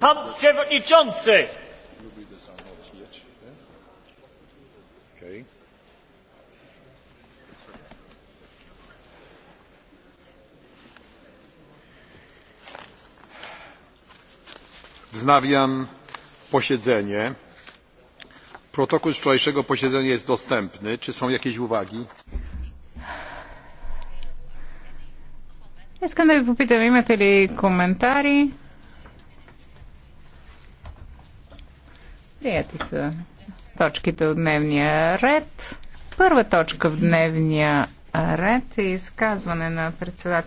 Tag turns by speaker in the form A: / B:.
A: Pan przewodniczący!
B: Wznawiam posiedzenie.
C: Protokół z wczorajszego posiedzenia jest dostępny. Czy są jakieś uwagi?
D: Jest да ви попитам, имате
E: ли коментари? Прияти са точките от дневния ред. Първа точка в дневния ред е изказване на председателя.